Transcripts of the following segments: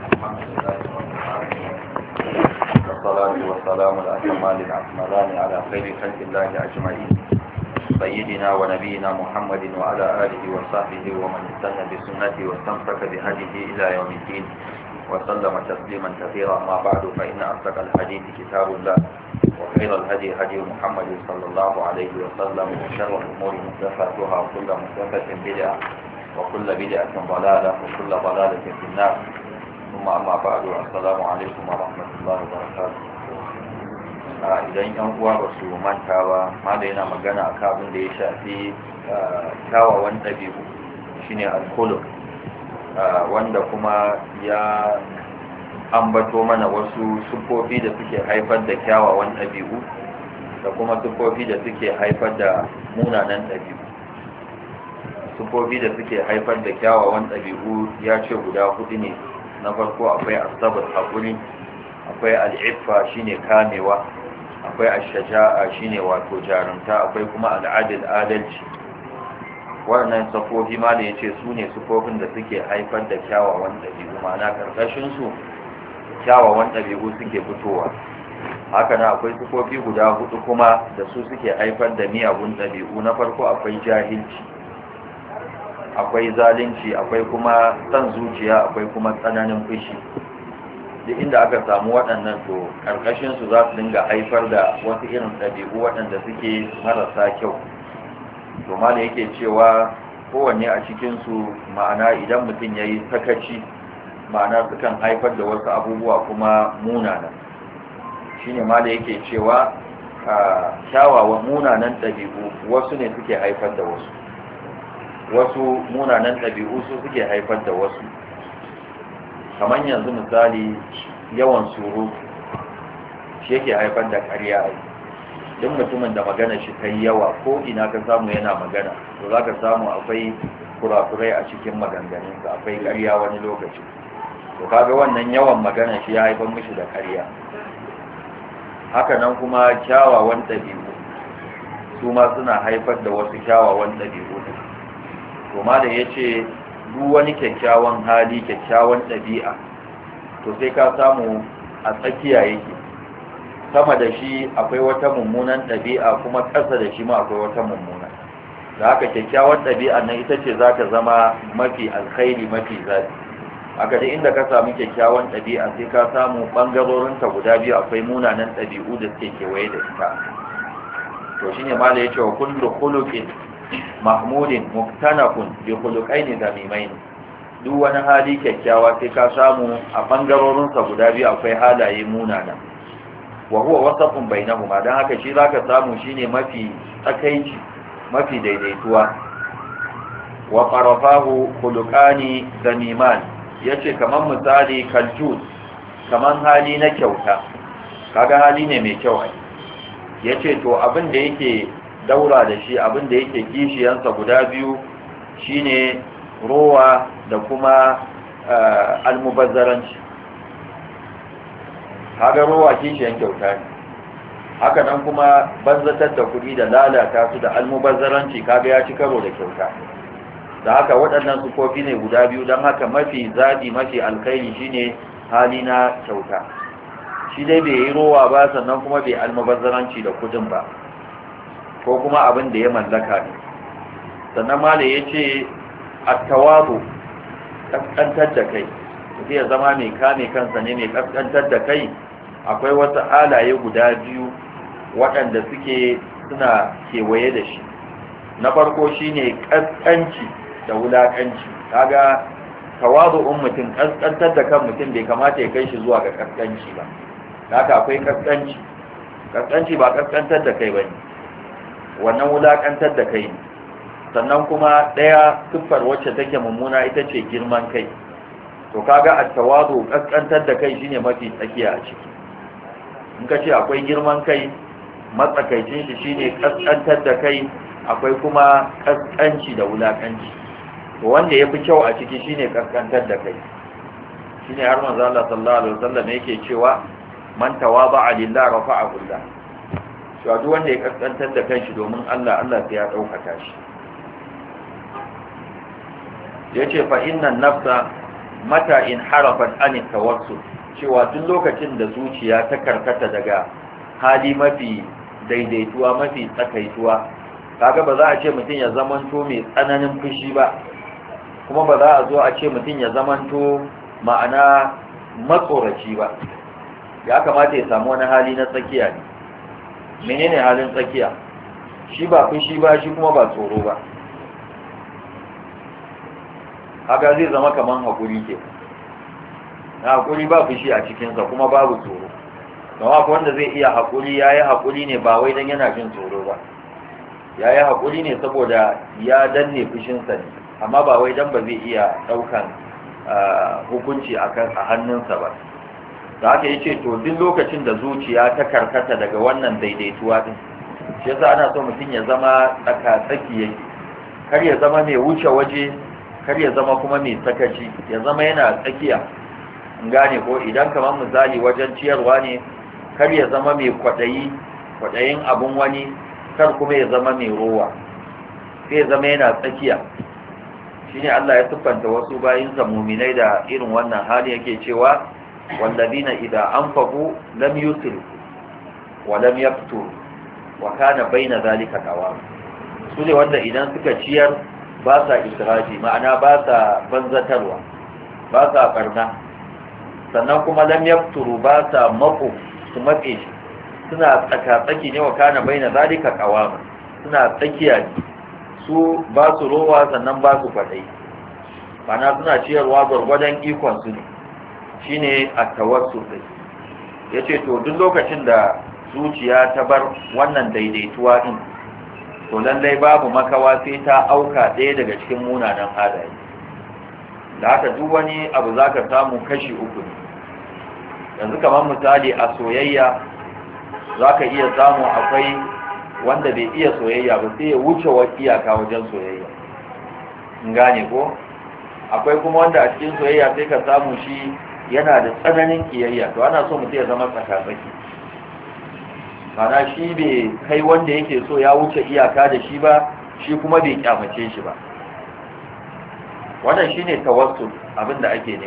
الحمد لله رب العالمين والصلاة والسلام الأكمال الأكملان على خير خلق الله أجمعين سيدنا ونبينا محمد وعلى آله وصحبه ومن استنى بسنته واستمسك بهديه إلى يوم الدين وسلم تسليما كثيرا ما بعد فإن أصدق الحديث كتاب الله وخير الهدي هدي محمد صلى الله عليه وسلم وشر الأمور محدثاتها وكل محدثة بدعة وكل بدعة ضلالة وكل ضلالة في النار ثم أما بعد السلام عليكم ورحمة الله وبركاته idan yan uwa ba su manta ba ma da yana magana a kabin da ya shafi kyawawan ɗabi'u ne alkolok wanda kuma ya ambato mana wasu sufofi da suke haifar da kyawawan ɗabi'u da kuma sufofi da suke haifar da munanan ɗabi'u sufofi da suke haifar da kyawawan ɗabi'u ya ce guda hudu ne na farko akwai asabar haƙuri akwai al'iffa shine kamewa akwai ashaja'a shine wato jarumta akwai kuma al'adil adalci wannan safofi ma da yace su ne sufofin da suke haifar da kyawawan ɗabi'u ma'ana karkashin su kyawawan ɗabi'u suke fitowa haka na akwai sufofi guda hudu kuma da su suke haifar da miyagun ɗabi'u na farko akwai jahilci akwai zalunci akwai kuma san zuciya akwai kuma tsananin fushi duk inda aka samu waɗannan to ƙarƙashinsu za su dinga haifar da wasu irin ɗabi'u waɗanda suke marasa kyau to da yake cewa kowanne a cikinsu ma'ana idan mutum ya yi sakaci ma'ana sukan haifar da wasu abubuwa kuma munana shi ne da yake cewa kyawawan munanan ɗabi'u wasu ne suke haifar da wasu wasu munanan ɗabi'u su suke haifar da wasu kamar yanzu misali yawan surutu shi yake haifar da ƙarya duk mutumin da magana shi ta yawa ko ina ka samu yana magana to za ka samu akwai kurakurai a cikin maganganunsa akwai ƙarya wani lokaci to kaga wannan yawan magana shi ya haifar mishi da ƙarya haka nan kuma kyawawan ɗabi'u su ma suna haifar da wasu kyawawan ɗabi'u to malam yace duk wani kyakkyawan hali kyakkyawan ɗabi'a to sai ka samu a tsakiya yake sama da shi akwai wata mummunan ɗabi'a kuma ƙasa da shi ma akwai wata mummuna da haka kyakkyawan ɗabi'a nan ita ce za ka zama mafi alkhairi mafi zafi haka da inda ka samu kyakkyawan ɗabi'a sai ka samu ɓangarorinta guda biyu akwai munanan ɗabi'u da suke kewaye da ita to shine mala ya ce wa kullu khuluqin mahmudin muktanakun bi khuluqaini zamimain duk wani hali kyakkyawa sai ka samu a bangarorin sa guda biyu akwai halaye munana wa huwa wasafun bainahuma dan haka shi zaka samu shine mafi tsakaici mafi daidaituwa wa qarafahu khuluqani zamimain yace kaman misali kaljud kaman hali na kyauta kaga hali ne mai kyau ai yace to abin da yake daura da shi abin da yake kishiyansa guda biyu shine rowa da kuma eh, almubazzaranci haga rowa kishiyan kyauta ne haka nan kuma banzatar da kuɗi da lalata su da almubazzaranci kaga ya ci karo da kyauta da haka waɗannan kofi ne guda biyu don haka mafi zaɓi mafi alkaini shine hali na kyauta shi dai bai yi rowa ba sannan kuma bai almubazzaranci da kuɗin ba ko kuma abin da ya mallaka ne sannan mala ya ce a tawabo, kaskantar da kai mutum ya zama mai kame kansa ne mai kaskantar da kai akwai wasu alaye guda biyu waɗanda suke suna kewaye da shi na farko shine kaskanci da wulakanci kaga tawazu'un mutum kaskantar da kan mutum bai kamata ya kai shi zuwa ga kaskanci ba haka akwai kaskanci kaskanci ba kaskantar da kai bane wannan wulakantar da kai sannan kuma ɗaya siffar wacce take mummuna ita ce girman kai to kaga a tawadu kaskantar da kai shine mafi tsakiya a ciki in ka ce akwai girman kai matsakaicin shi shine kaskantar da kai akwai kuma kaskanci da wulakanci to wanda yafi kyau a ciki shine kaskantar da kai shine har manzo Allah sallallahu alaihi wasallam yake cewa man tawaba lillahi rafa'a billah cewa ne wanda ya kaskantar da kanshi domin Allah Allah sai ya ɗaukaka shi ya ce fa nafsa mata in harafa anin wasu. cewa duk lokacin da zuciya ta karkata daga hali mafi daidaituwa mafi tsakaituwa kaga ba za a ce mutum ya zamanto mai tsananin fushi ba kuma ba za a zo a ce mutum ya zamanto ma'ana matsoraci ba ya kamata ya samu wani hali na tsakiya ne menene halin tsakiya shi ba fushi ba shi kuma ba tsoro ba haka zai zama kamar haƙuri ke haƙuri ba fushi a cikinsa kuma babu tsoro don haka wanda zai iya haƙuri ya yi haƙuri ne ba wai don yana jin tsoro ba ya yi haƙuri ne saboda ya danne fushinsa ne amma ba wai don ba zai iya ɗaukan ah, hukunci a hannunsa ba da aka yi ce to duk lokacin da zuciya ta karkata daga wannan daidaituwa din shi yasa ana so mutum ya zama tsaka-tsaki yake kar ya zama mai wuce waje kar ya zama kuma mai sakaci ya zama yana tsakiya in gane ko idan kamar misali wajen ciyarwa ne kar ya zama mai kwaɗayi kwaɗayin abin wani kar kuma ya zama mai rowa sai ya zama yana tsakiya Shi ne Allah ya siffanta wasu bayinsa muminai da irin wannan hali yake cewa والذين إذا أنفقوا لم يسرفوا ولم يبتر وكان بين ذلك قوام سولي wanda idan suka ciyar ba sa israfi ma'ana ba sa banzatarwa ba sa barna sannan kuma lam ba sa mako su matse shi suna ne su ba su rowa sannan ba su fadai na suna ciyarwa gwargwadon ikon su ne shine at-tawassul ce to duk lokacin da zuciya ta bar wannan daidaituwa din to lallai babu makawa sai ta auka ɗaya daga cikin munanan halaye da haka duk wani abu za ka samu kashi uku ne yanzu kamar misali a soyayya za ka iya samu akwai wanda bai iya soyayya ba sai ya wuce wa iyaka wajen soyayya in gane ko akwai kuma wanda a cikin soyayya sai ka samu shi yana da tsananin kiyayya to ana so mutum ya zama tsakatsaki mana shi bai kai wanda yake so ya wuce iyaka da shi ba shi kuma bai kyamace shi ba wannan ne tawassu abinda ake ne.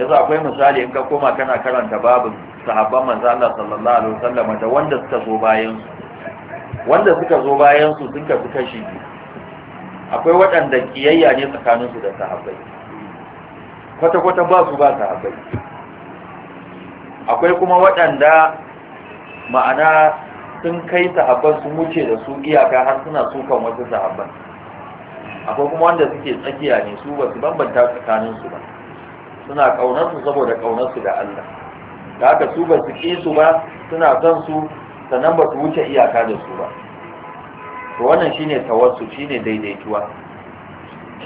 yanzu akwai misali in ka koma kana karanta babin sahabban manzo Allah sallallahu alaihi wasallam da wanda suka zo bayan su wanda suka zo bayan su sun fi kashi akwai waɗanda kiyayya ne tsakaninsu da sahabbai kwata-kwata ba su ba sahabbai akwai kuma waɗanda ma'ana sun kai sahabban sun wuce da su iyaka har suna sukan wasu sahabban akwai kuma wanda suke tsakiya ne su ba su bambanta tsakaninsu ba suna ƙaunarsu saboda ƙaunarsu da Allah da haka su ba su ƙi su ba suna son su sannan ba su wuce iyaka da su ba to wannan shine tawassu shine daidaituwa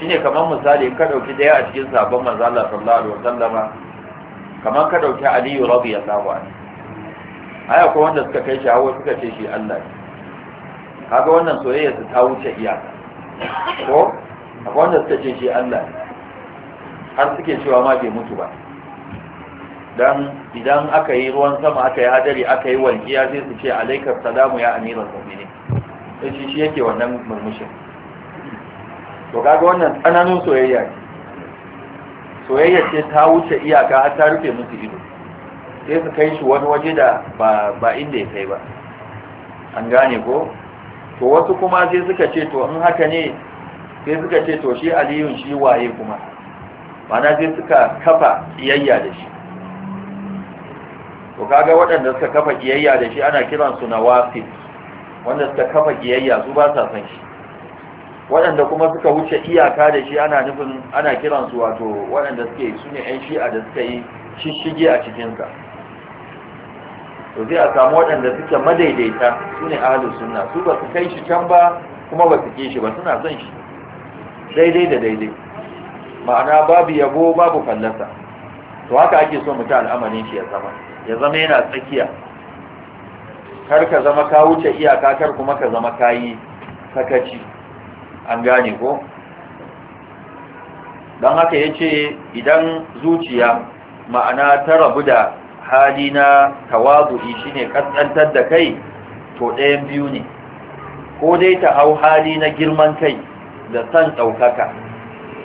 shine kamar misali ka dauki daya a cikin sabon manzo Allah sallallahu alaihi wasallama kamar ka dauki Ali radiyallahu anhu Ayi, akwai wanda suka kai shi hawa suka ce shi Allah ne kaga wannan soyayya su ta wuce iyaka ko akwai wanda suka ce shi Allah ne har suke cewa ma bai mutu ba dan idan aka yi ruwan sama aka yi hadari aka yi walƙiya sai su ce alaikar salamu ya amiran mu'minin sai shi yake wannan murmushin to kaga wannan tsananin soyayya ce soyayya ce ta wuce iyaka har ta rufe musu ido sai su kai shi wani waje da ba inda ya kai ba an gane ko to wasu kuma sai suka ce to in haka ne sai suka ce to shi aliyun shi waye kuma mana sai suka kafa kiyayya da shi to kaga waɗanda suka kafa kiyayya da shi ana kiransu na wasi wanda suka kafa kiyayya su ba sa san shi waɗanda kuma suka wuce iyaka da shi ana nufin ana kiransu wato waɗanda suke su ne 'yan shi'a da suka yi shishige a cikinsa to zai a samu waɗanda suke madaidaita su ne ahalus sunna su ba su kai shi can ba kuma ba su ke shi ba suna son shi daidai da daidai ma'ana babu yabo babu fallasa to haka ake so mutum al'amarin shi ya zama ya zama yana tsakiya kar ka zama ka wuce iyaka kar kuma ka zama kayi sakaci an gane ko don haka ya ce idan zuciya ma'ana ta rabu da hali na tawazu'i ne kaskantar da kai to ɗayan biyu ne ko dai ta hau hali na girman kai da san ɗaukaka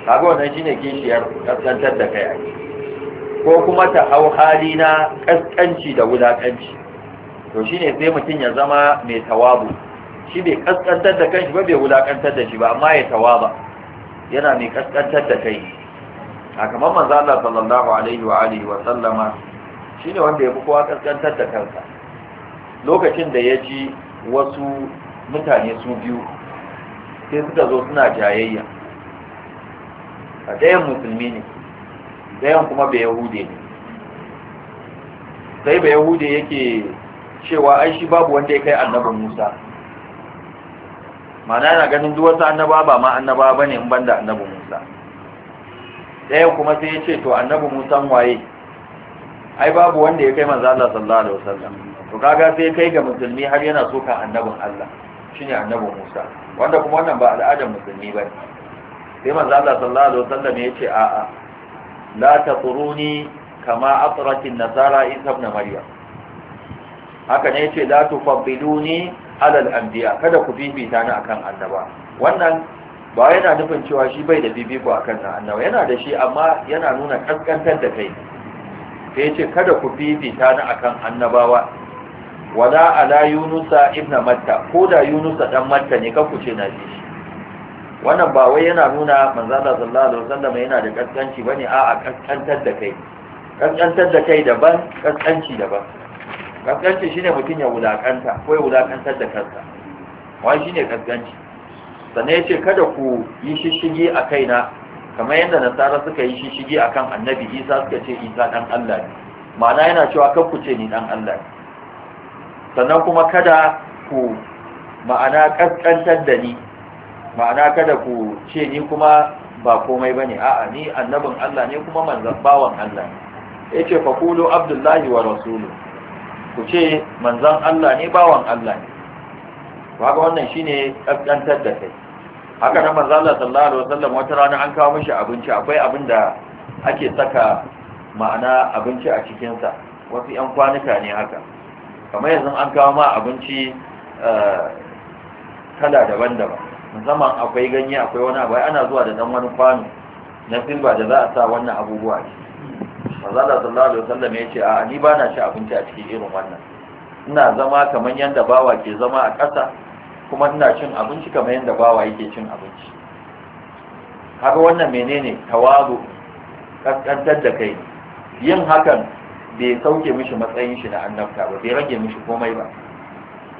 kaga wannan shine kishiyar kaskantar da kai ko kuma ta hau hali na kaskanci da wulakanci to shine sai mutum ya zama mai tawagu. shi bai kaskantar da kanshi ba bai wulakantar da shi ba amma ya tawaba yana mai kaskantar da kai a kamar manzo Allah sallallahu alaihi wa alihi wa sallama ne wanda ya fi kowa kaskantar da kansa lokacin da ya ji wasu mutane su biyu sai suka zo suna jayayya a ɗayan musulmi ne ɗayan kuma bai yahude ne sai bai yahude yake cewa ai shi babu wanda ya kai annabi Musa mana yana ganin duk wasu annaba ba ma annaba ba ne in banda annabi musa ɗaya kuma sai ya ce to annabi musa waye ai babu wanda ya kai manzo Allah sallallahu alaihi wasallam to kaga sai kai ga musulmi har yana ka annabin Allah shine annabi Musa wanda kuma wannan ba al'adar musulmi bane sai manzo Allah sallallahu alaihi wasallam ya ce a a la taquruni kama atratin nasara isa ibn maryam haka ne yace la tufaddiluni alal anbiya kada ku fifita ni akan annaba wannan ba yana nufin cewa shi bai da bibiko akan annaba yana da shi amma yana nuna kaskantar da kai sai yace kada ku fifita ni akan annabawa wala ala yunusa ibn matta ko da yunusa dan matta ne kanku ce na shi wannan ba wai yana nuna manzala sallallahu alaihi wasallam yana da kaskanci bane a'a kaskantar da kai kaskantar da kai daban kaskanci daban kaskanci shine mutum ya wulakanta ko ya wulakantar da kansa wai shine kaskanci sannan ya ce kada ku yi shishigi a kaina kamar yadda nasara suka yi shishigi a kan annabi isa suka ce isa ɗan allah ne ma'ana yana cewa kan ku ce ni ɗan allah ne sannan kuma kada ku ma'ana kaskantar da ni ma'ana kada ku ce ni kuma ba komai ba ne a'a ni annabin allah ne kuma manzan bawan allah ne ya ce fakulu abdullahi wa rasulu ku ce manzan Allah ne bawan Allah ne ga wannan shine kaskantar da kai haka na manzan Allah sallallahu alaihi wasallam wata rana an kawo mishi abinci akwai abin da ake saka ma'ana abinci a cikin sa wasu yan kwanuka ne haka kamar yanzu an kawo ma abinci eh, kala daban-daban musamman akwai ganye akwai wani abu ana zuwa da dan wani kwano na silba da za a sa wannan abubuwa ne manzo Allah sallallahu alaihi wasallam ya ce a ni ba na ci abinci a cikin irin wannan ina zama kamar yanda bawa ke zama a ƙasa kuma ina cin abinci kamar yanda bawa yake cin abinci haka wannan menene tawazu kaskantar da kai yin hakan bai sauke mishi matsayin shi na annabta ba bai rage mishi komai ba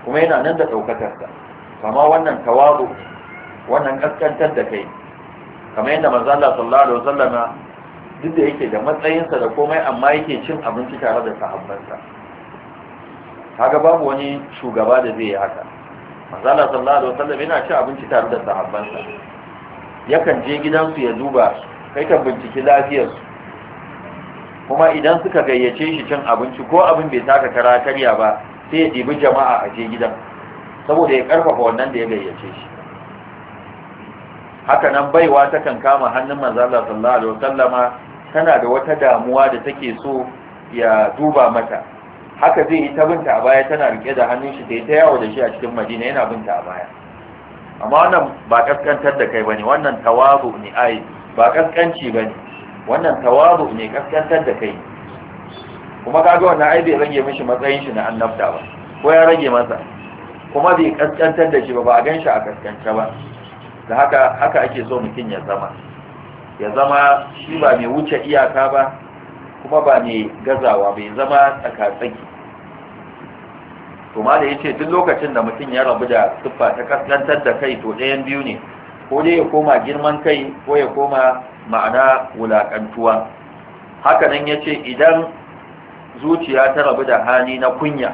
kuma yana nan da sa kama wannan tawazu wannan kaskantar da kai kamar yadda manzo Allah sallallahu alaihi wasallam duk da yake da matsayinsa da komai amma yake cin abinci tare da sahabbansa haka babu wani shugaba da zai yi haka manzala sallallahu alaihi wasallam yana cin abinci tare da sahabbansa yakan je gidansu ya duba kai kan binciki lafiyarsu kuma idan suka gayyace shi cin abinci ko abin bai taka kara karya ba sai ya dibi jama'a a je gidan saboda ya karfafa wannan da ya gayyace shi haka nan baiwa ta kan kama hannun manzo Allah sallallahu alaihi wasallama tana da wata damuwa da take so ya duba mata haka zai yi ta binta a baya tana rike da hannun shi sai ta yawo da shi a cikin Madina yana binta a baya amma wannan ba kaskantar da kai bane wannan tawabu ne ai ba kaskanci bane wannan tawabu ne kaskantar da kai kuma kaga wannan ai bai rage mishi matsayin shi na annabta ba ko ya rage masa kuma bai kaskantar da shi ba ba a gan shi a kaskance ba da haka haka ake so mutum ya zama ya zama shi ba mai wuce iyaka ba kuma ba mai gazawa bai zama tsakatsaki kuma da ya ce duk lokacin da mutum ya rabu da siffa ta kaskantar da kai to ɗayan biyu ne ko dai ya koma girman kai ko ya koma ma'ana wulaƙantuwa hakanan ya ce idan zuciya ta rabu da hali na kunya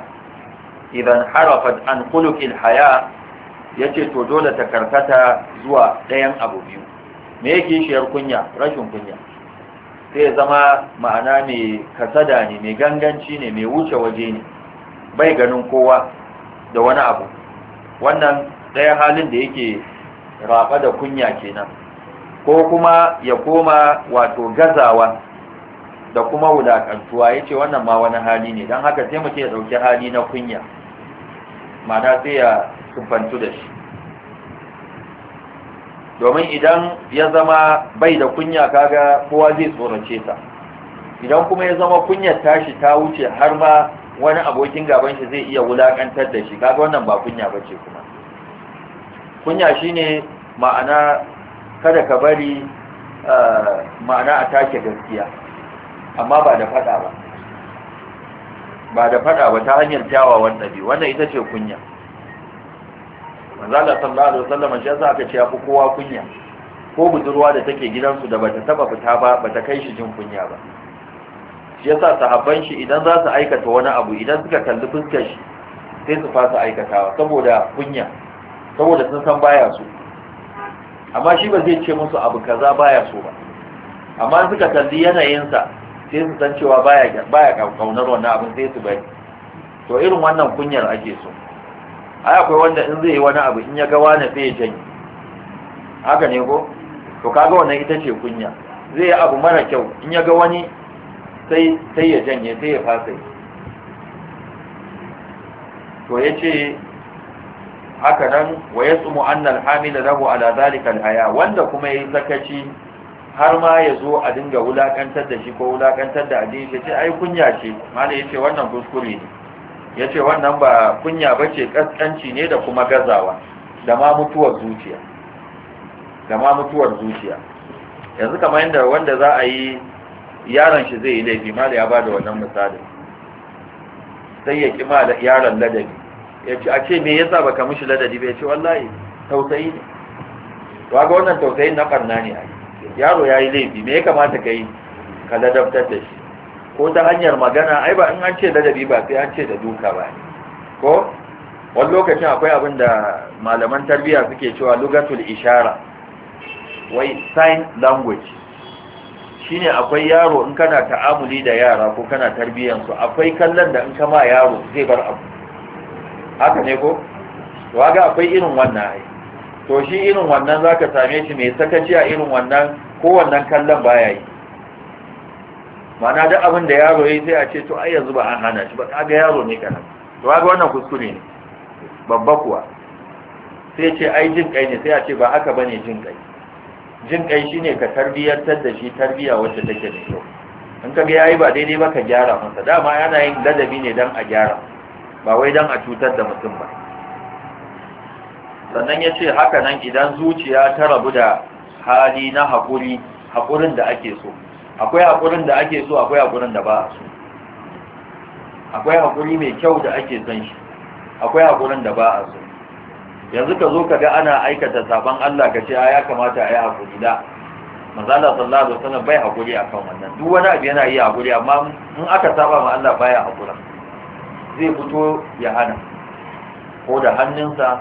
idan harafat an kulukil haya ya ce to dole ta karkata zuwa ɗayan abu biyu me yake shiyar kunya rashin kunya sai zama ma'ana mai kasada ne mai ganganci ne mai wuce waje ne bai ganin kowa da wani abu wannan ɗaya halin da yake raba da kunya kenan ko kuma ya koma wato gazawa da kuma wulaƙantuwa ya ce wannan ma wani hali ne don haka sai mutum ya ɗauki hali na kunya Ma'ana sai ya sufantu da shi domin idan ya zama bai da kunya kaga kowa zai tsorace ta idan kuma ya zama kunyar tashi ta wuce har ma wani abokin gaban shi zai iya wulakantar da shi kaga wannan ba kunya bace kuma kunya shine ma'ana kada ka bari eh, ma'ana a take gaskiya amma ba da fada ba ba da fada ba ta hanyar kyawawan ɗabi wannan ita ce kunya manzo sallallahu alaihi wasallam shi yasa aka ce ya fi kowa kunya ko budurwa da take gidansu da bata taba fita ba bata kai shi jin kunya ba shi yasa sahabban shi idan za su aikata wani abu idan suka kalli fuskar shi sai su fasa aikatawa saboda kunya saboda sun san baya so amma shi ba zai ce musu abu kaza baya so ba amma suka kalli yanayinsa sai su san cewa baya baya kaunar wannan abin sai su bari to irin wannan kunyar ake so ai akwai wanda in zai yi wani abu in ya ga wani sai ya janye haka ne ko to kaga wannan ita ce kunya zai yi abu mara kyau in ya ga wani sai ya janye sai ya fasa to yace haka nan wa yasumu anna al hamila lahu ala zalika haya wanda kuma yayi zakaci har ma ya zo a dinga wulakantar da shi ko wulakantar da addini shi ce ai kunya ce malai yace wannan kuskure ne ya ce wannan ba kunya ba ce ƙasƙanci ne da kuma gazawa da ma mutuwar zuciya da ma mutuwar zuciya yanzu kamar yadda wanda za a yi yaron shi zai yi laifi mala ya ba da wannan misali sai ya ƙi ma yaron ladabi ya ce a ce me yasa ka mishi ladabi ba ya ce wallahi tausayi ne to ga wannan tausayin na ƙarna ne a yaro ya yi laifi me ya kamata ka yi ka ladabtar da shi ko ta hanyar magana ai ba in an ce ladabi ba sai an ce da duka ba ko wani lokacin akwai abin da malaman tarbiyya suke cewa lugatul ishara wai sign language shine akwai yaro in kana ta'amuli da yara ko kana tarbiyyar su akwai kallon da in kama yaro zai bar abu haka ne ko waga akwai irin wannan ai to shi irin wannan zaka same shi mai sakaci a irin wannan ko wannan kallon baya yi ma'ana duk abin da yaro ya yi sai a ce to ai yanzu ba an hana shi ba kaga yaro ne kana to kaga wannan kuskure ne babba kuwa sai ce ai jin kai ne sai a ce ba haka bane jin kai jin kai shine ka tarbiyyar da shi tarbiya wacce take da kyau in ka ga yayi ba daidai ba ka gyara masa dama yana yin ladabi ne dan a gyara ba wai dan a cutar da mutum ba sannan ya ce haka nan idan zuciya ta rabu da hali na haƙuri haƙurin da ake so akwai haƙurin da ake so akwai haƙurin da ba a so akwai haƙuri mai kyau da ake son shi akwai haƙurin da ba a so yanzu ka zo ka ga ana aikata sabon Allah ka ce ya kamata a yi hakuri da mazala sallallahu alaihi wasallam bai haƙuri akan wannan duk wani abu yana yi haƙuri amma in aka saba ma Allah baya haƙura zai fito ya hana ko da hannunsa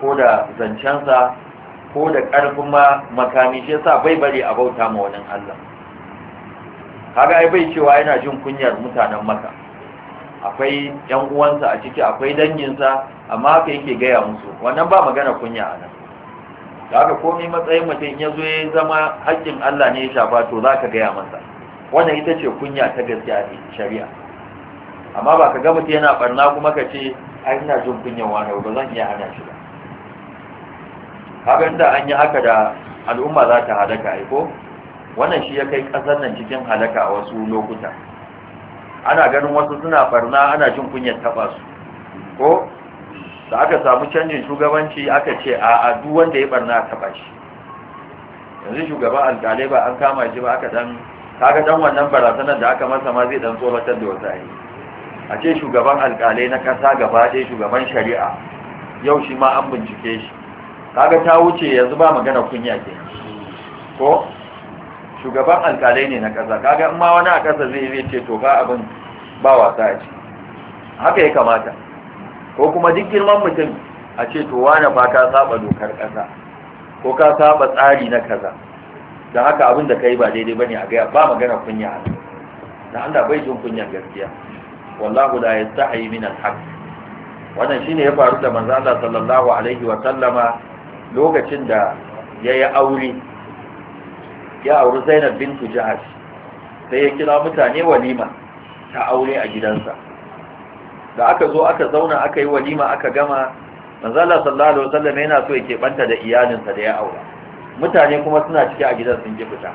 ko da zancensa ko da karfin ma makami shi yasa bai bari a bauta ma wani Allah kaga ai bai cewa yana jin kunyar mutanen maka akwai yan uwansa a ciki akwai danginsa amma haka yake gaya musu wannan ba magana kunya a nan haka komai matsayin mutum ya zo ya zama haƙƙin Allah ne ya shafa to za ka gaya masa wannan ita ce kunya ta gaskiya a shari'a amma ba ka ga mutum yana barna kuma ka ce ai ina jin kunyar wani ba zan iya hana shi ba kaga inda an yi haka da al'umma za ta ka ai ko wannan shi ya kai kasar nan cikin halaka a wasu lokuta ana ganin wasu suna barna ana jin kunyar taɓa su ko da aka samu canjin shugabanci aka ce a duk wanda ya barna a taɓa shi yanzu shugaban alƙalai ba an kama shi ba aka dan kaga dan wannan barazanar da aka masa ma zai dan tsoratar da wata yi a ce shugaban alƙalai na kasa gaba ɗaya shugaban shari'a yau shi ma an bincike shi kaga ta wuce yanzu ba magana kunya ke ko shugaban alkalai ne na ƙasa kaga in ma wani a ƙasa zai zai ce to ba abin ba wasa a ce haka ya kamata ko kuma duk girman mutum a ce to wane ba ka saba dokar ƙasa ko ka saba tsari na kaza don haka abin da ka yi ba daidai ba ne a gaya ba magana kunya a Da Allah bai jin kunyan gaskiya wallahu la yastahi min al-haq wannan shine ya faru da manzo Allah sallallahu alaihi wa sallama lokacin da yayi aure ya auri zainab bintu jihar, sai ya kira mutane walima ta aure a gidansa da aka zo aka zauna aka yi walima aka gama manzala sallallahu alaihi wasallam yana so ya keɓanta da iyalinsa da ya aura mutane kuma suna cike a gidan sun ji fita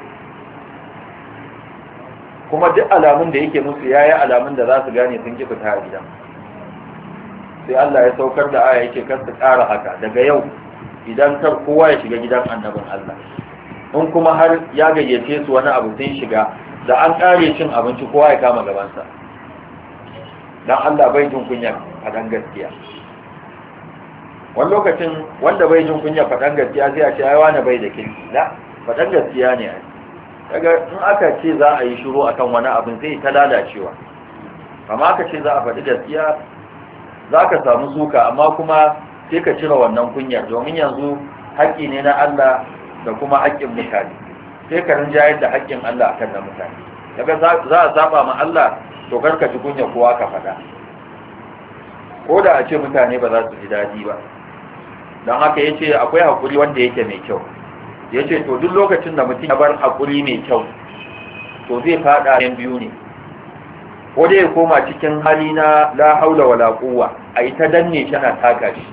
kuma duk alamun da yake musu yayi alamun da za su gane sun ji fita a gidan sai Allah ya saukar da aya yake kasta ƙara haka daga yau idan kar kowa ya shiga gidan annabin Allah in kuma har ya gayyace su wani abu sun shiga da an kare cin abinci kowa ya kama gabansa Don Allah bai jin kunya faɗan gaskiya wani lokacin wanda bai jin kunya faɗan gaskiya zai a ce ai wani bai da kirki da faɗan gaskiya ne daga in aka ce za a yi shiru akan wani abin zai ta lalacewa amma aka ce za a faɗi gaskiya za ka samu suka amma kuma sai ka cire wannan kunyar domin yanzu haƙƙi ne na Allah da kuma haƙƙin mutane sai ka rinjayar da haƙƙin Allah akan na mutane daga za a saba ma Allah to karka ji kunya kowa ka faɗa ko da a ce mutane ba za su ji daɗi ba don haka ya ce akwai haƙuri wanda yake mai kyau ya ce to duk lokacin da mutum ya bar haƙuri mai kyau to zai faɗa yan biyu ne ko dai ya koma cikin hali na la haula wala quwwa a ita danne shi ana taka shi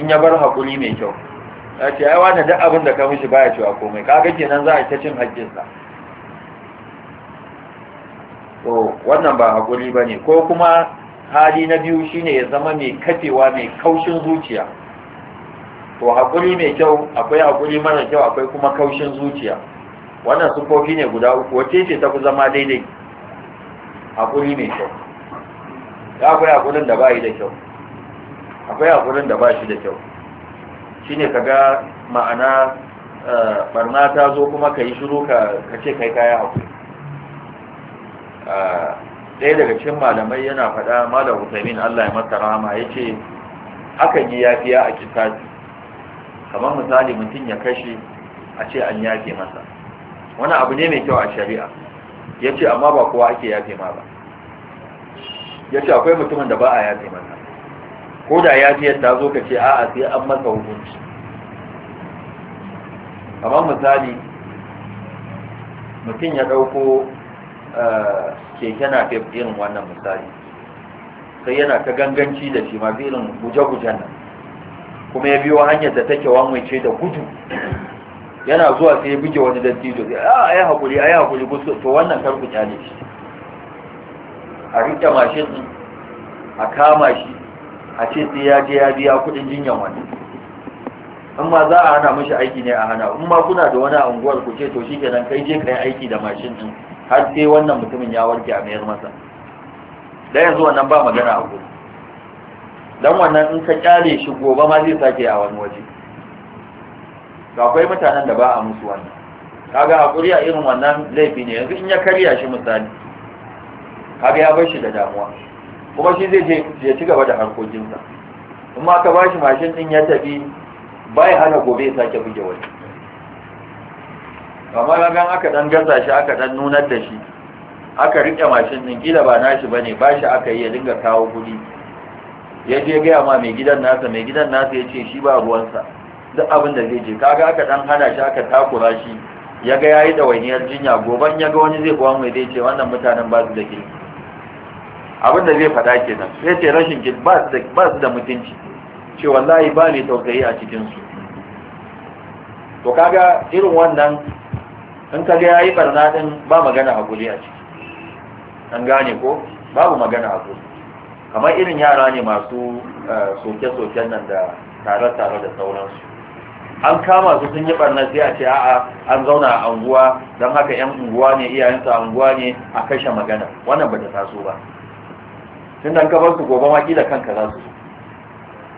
in ya bar haƙuri mai kyau ya ce yawa wani duk abin da ka mishi baya cewa komai kaga kenan za a ta cin haƙƙinsa to wannan ba haƙuri ba ne ko kuma hali na biyu shine ya zama mai kafewa mai kaushin zuciya to haƙuri mai kyau akwai haƙuri mara kyau akwai kuma kaushin zuciya wannan sufofi ne guda uku wacce ce ta fi zama daidai haƙuri mai kyau akwai haƙurin da ba yi da kyau akwai haƙurin da ba shi da kyau ne kaga ma'ana eh, barna ta zo kuma ka yi shiru ka ce kai kaya hakuri eh, ɗaya daga cikin malamai yana faɗa malam husaimin allah ya masa rama ya ce akan yi yafiya a kisasi kamar misali mutum ya kashe a ce an yafe masa wani abu ne mai kyau a shari'a ya ce amma ba kowa ake yafe ma ba ya ce akwai mutumin da ba a yafe masa ko da ya fiye ta zo ka ce a'a sai an masa hukunci kamar misali mutum ya ɗauko eh, keke na fi irin wannan misali sai yana ta ganganci da shi masu irin guje-gujen nan kuma ya biyo hanyar da take wanwace da gudu yana zuwa sai ya buge wani dattijo sai a ya haƙuri a ya haƙuri to wannan karku ne shi a riƙe mashin a kama shi a ce sai ya je ya biya kuɗin jinyan wani in ma za a hana mashi aiki ne a hana in ma kuna da wani a unguwar ku ce to shikenan kai je kai aiki da mashin din har sai wannan mutumin ya warke a mayar masa Da yanzu wannan ba magana a gudu dan wannan in ka kyale shi gobe ma zai sake a wani waje to akwai mutanen da ba a musu wannan kaga hakuri a irin wannan laifi ne yanzu in ya karya shi misali kaga ya bar shi da damuwa kuma shi zai ya ci gaba da harkokinsa kuma aka ba shi mashin din ya tafi bai hana gobe ya sake buge wani kamar ragan aka dan gasa shi aka dan nunar da shi aka riƙe mashin din kila ba nashi bane ba shi aka yi ya dinga kawo kuɗi ya je gaya ma mai gidan nasa mai gidan nasa ya ce shi ba ruwansa duk abin da zai je kaga aka dan hana shi aka takura shi ya ga yayi ɗawainiyar jinya goban ya ga wani zai kuwa mai zai ce wannan mutanen ba su da kirki abin da zai faɗa kenan sai ce rashin kin ba su da mutunci ce wallahi ba ne tausayi a cikin su to kaga irin wannan in kaga yi barna din ba magana hakuri a ciki an gane ko babu magana hakuri kamar irin yara ne masu eh, soke-soken nan da tare-tare da sauransu an kama su sun yi barna sai a ce a'a an zauna a anguwa don haka 'yan unguwa ne iyayensa a unguwa ne a kashe magana wannan bata taso ba tun da gaban su gobe maki da kanka za su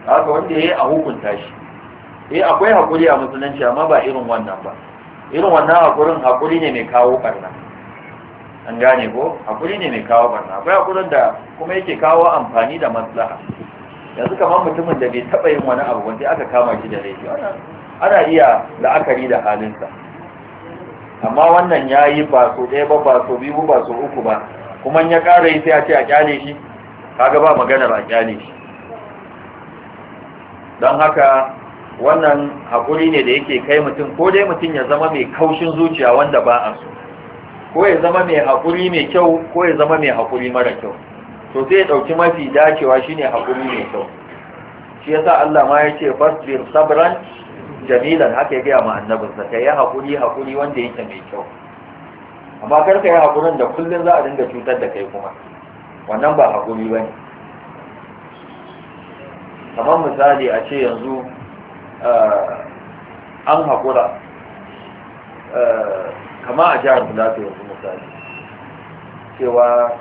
haka wanda ya yi a hukunta shi eh akwai haƙuri a musulunci amma ba irin wannan ba irin wannan haƙurin haƙuri ne mai kawo ɓarna an gane ko haƙuri ne mai kawo ɓarna akwai haƙurin da kuma yake kawo amfani da maslaha yanzu kamar mutumin da bai taɓa yin wani abu wanda aka kama shi da laifi ana iya la'akari da halinsa amma wannan ya yi ba so ɗaya ba ba so biyu ba so uku ba kuma ya ƙara yi sai a ce a kyale shi kaga ba maganar a kyale don haka wannan haƙuri ne da yake kai mutum ko dai mutum ya zama mai kaushin zuciya wanda ba a so ko ya zama mai haƙuri mai kyau ko ya zama mai haƙuri mara kyau to sai ya ɗauki mafi dacewa shine haƙuri mai kyau shi ya sa Allah ma ya ce fasbir sabran jamilan haka ya gaya ma annabinsa ka yi haƙuri haƙuri wanda yake mai kyau amma karka yi haƙurin da kullum za a dinga cutar da kai kuma wannan ba haƙuri ba ne kamar misali a ce yanzu eh, an haƙura eh, kama a jihar filato yanzu misali cewa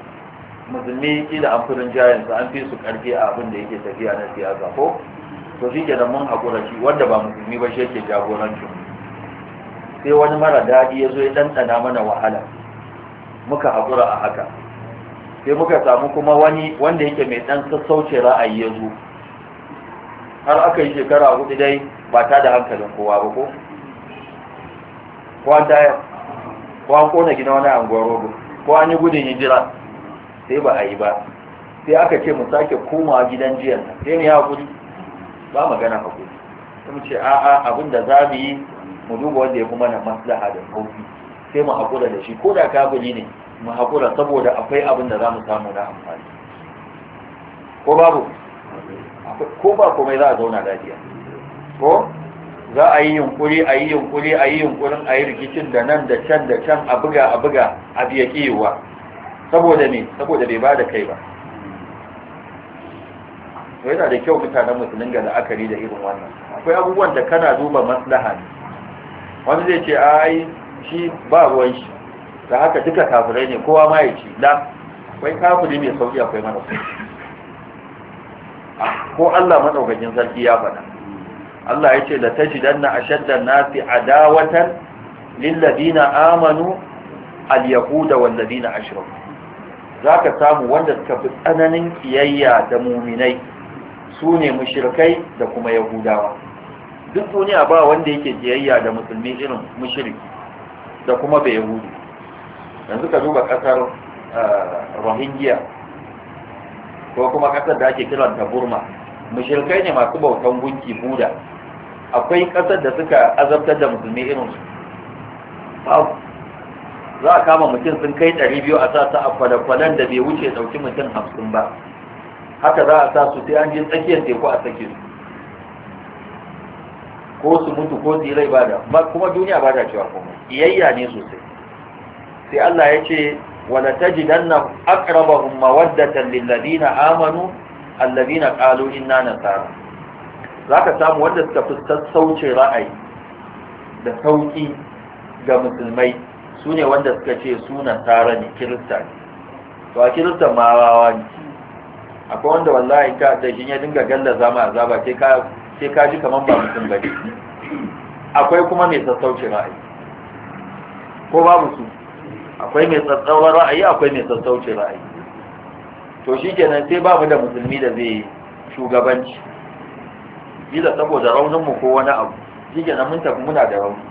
musulmi kila an furin yanzu an fi su ƙarfi a abin da yake tafiya na siyasa ko to shi mun haƙura shi wanda ba musulmi ba shi yake jagorancin sai wani mara daɗi ya zo ya ɗanɗana mana wahala muka haƙura a haka sai muka samu kuma wani wanda yake mai ɗan sassauce ra'ayi ya zo har aka yi shekara hudu dai ba ta da hankalin kowa ba ko ko an tayar ko an kona gina wani anguwar rogo ko an yi gudun hijira sai ba a yi ba sai aka ce mu sake komawa gidan jiya sai mu yi hakuri ba magana hakuri mu ce a'a abin da za mu yi mu duba wanda ya kuma na maslaha da kofi sai mu haƙura da shi ko da kabuli ne mu haƙura saboda akwai abin da za mu samu na amfani ko babu ko ba komai za a zauna lafiya ko za a yi yunkuri a yi yunkuri a yi yunkurin a yi rikicin da nan da can da can a buga a buga a biya kiyuwa saboda ne saboda bai ba da kai ba to yana da kyau mutanen musulun ga la'akari da irin wannan akwai abubuwan da kana duba maslaha ne wani zai ce ai shi ba ruwan shi da haka duka kafirai ne kowa ma ya ci da akwai kafiri mai sauki akwai mana sauki ah, ko Allah madaukakin sarki ya faɗa Allah ya ce la tajidanna ashaddan nasi adawatan lil ladina amanu al yahuda wal ladina ashraku zaka samu wanda suka fi tsananin kiyayya da muminai su ne mushrikai da kuma yahudawa duk duniya ba wanda yake kiyayya da musulmi irin mushriki da kuma bai yahudi yanzu ka duba kasar eh, rohingya ko kuma kasar da ake da burma mushirkai ne masu bautan gunki buda akwai kasar da suka azabtar da musulmi irin su za a kama mutum sun kai ɗari biyu a sa su a kwale-kwalen da bai wuce ɗauki mutum hamsin ba haka za a sa su sai an je tsakiyar teku a sake su ko su mutu ko su yi rai ba da kuma duniya ba da cewa kuma iyayya ne sosai sai Allah ya ce ta ji wala tajidanna aqrabahum mawaddatan lil na amanu na alladina na inna nasara ka samu wanda suka fi sassauce ra'ayi da sauƙi ga musulmai su ne wanda suka ce su tsara ne kirista ne to a kirista ma rawa ne akwai wanda wallahi ka da shi ya dinga galla ma azaba sai ka sai ka ji kamar ba mutum bane akwai kuma mai sassauce ra'ayi ko babu su akwai mai tsatsauran ra'ayi akwai mai tsatsauci ra'ayi to shi kenan sai babu da musulmi da zai shugabanci kila saboda rauninmu ko wani abu shi kenan mun tafi muna da rauni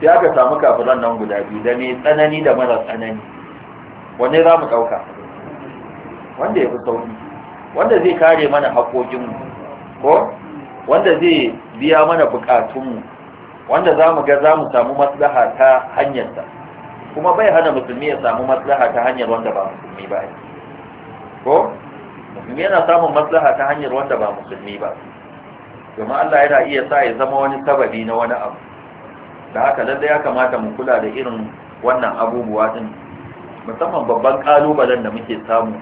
sai aka samu kafiran nan guda biyu da mai tsanani da mara tsanani Wani za mu ɗauka wanda ya fi sauƙi wanda zai kare mana haƙoƙinmu ko wanda zai biya mana buƙatunmu wanda za mu ga za mu samu maslaha ta hanyarsa kuma bai hana musulmi ya samu maslaha ta hanyar wanda ba musulmi ba ko musulmi yana samun maslaha ta hanyar wanda ba musulmi ba domin Allah yana iya sa ya zama wani sababi na wani abu da haka lalle ya kamata mu kula da irin wannan abubuwa din musamman babban kalubalen da muke samu